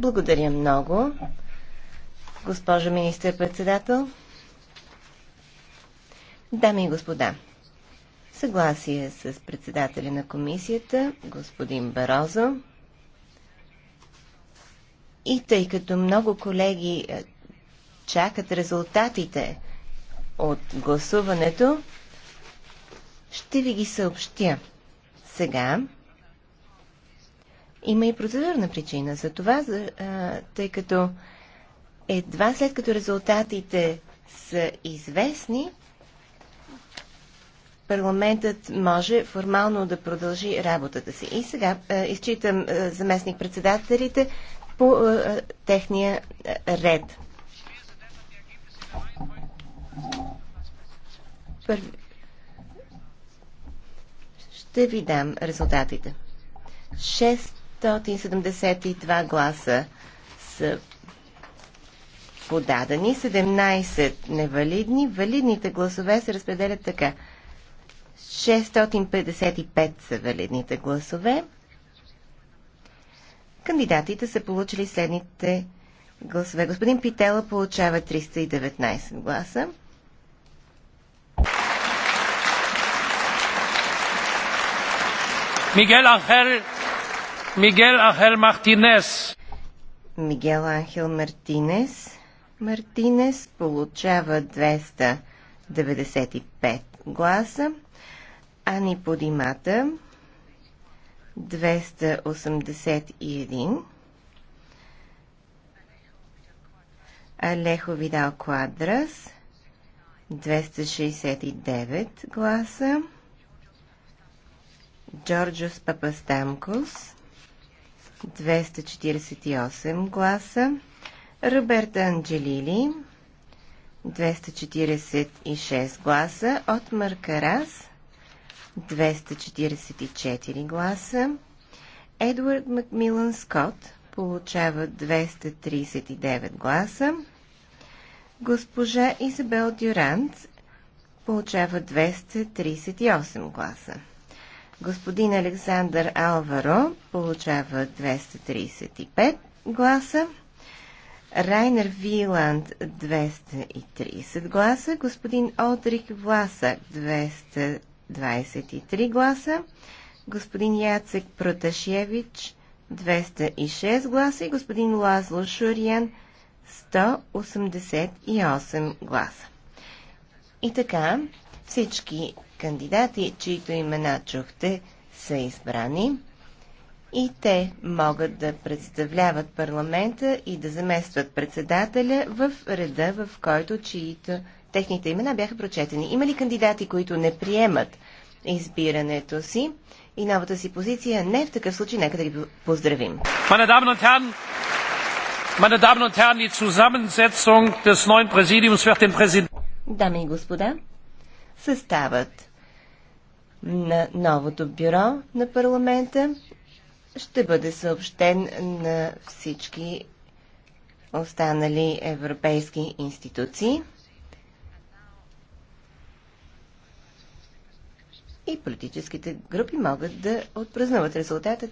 Благодаря много, госпожо министър-председател. Дами и господа, съгласие с председателя на комисията, господин Барозо. И тъй като много колеги е, чакат резултатите от гласуването, ще ви ги съобщя сега. Има и процедурна причина за това, за, а, тъй като едва след като резултатите са известни, парламентът може формално да продължи работата си. И сега а, изчитам а, заместник-председателите по а, техния а, ред. Първи... Ще ви дам резултатите. Шест. 572 гласа са подадени, 17 невалидни. Валидните гласове се разпределят така. 655 са валидните гласове. Кандидатите са получили следните гласове. Господин Питела получава 319 гласа. Мигел Анхел Miguel Ángel Мартинес. Мигел Анхел Мартинес. Мартинес получава 295 гласа. Ани Подимата 281. Алехо Видал Квадрас 269 гласа. Джорджос Папастамкос 248 гласа, Роберта Анджелили 246 гласа, от Маркарас 244 гласа, Едвард Макмилан Скотт получава 239 гласа, госпожа Изабел Дюрант получава 238 гласа. Господин Александър Алваро получава 235 гласа. Райнер Виланд 230 гласа, господин Одрик Власак, 223 гласа, господин Яцек Проташевич 206 гласа и господин Лазло Шуриан 188 гласа. И така, всички кандидати, чието имена чухте, са избрани и те могат да представляват парламента и да заместват председателя в реда, в който чието техните имена бяха прочетени. Има ли кандидати, които не приемат избирането си и новата си позиция? Не, е в такъв случай нека да ги поздравим. Дами и господа, съставът на новото бюро на парламента ще бъде съобщен на всички останали европейски институции. И политическите групи могат да отпразнуват резултата.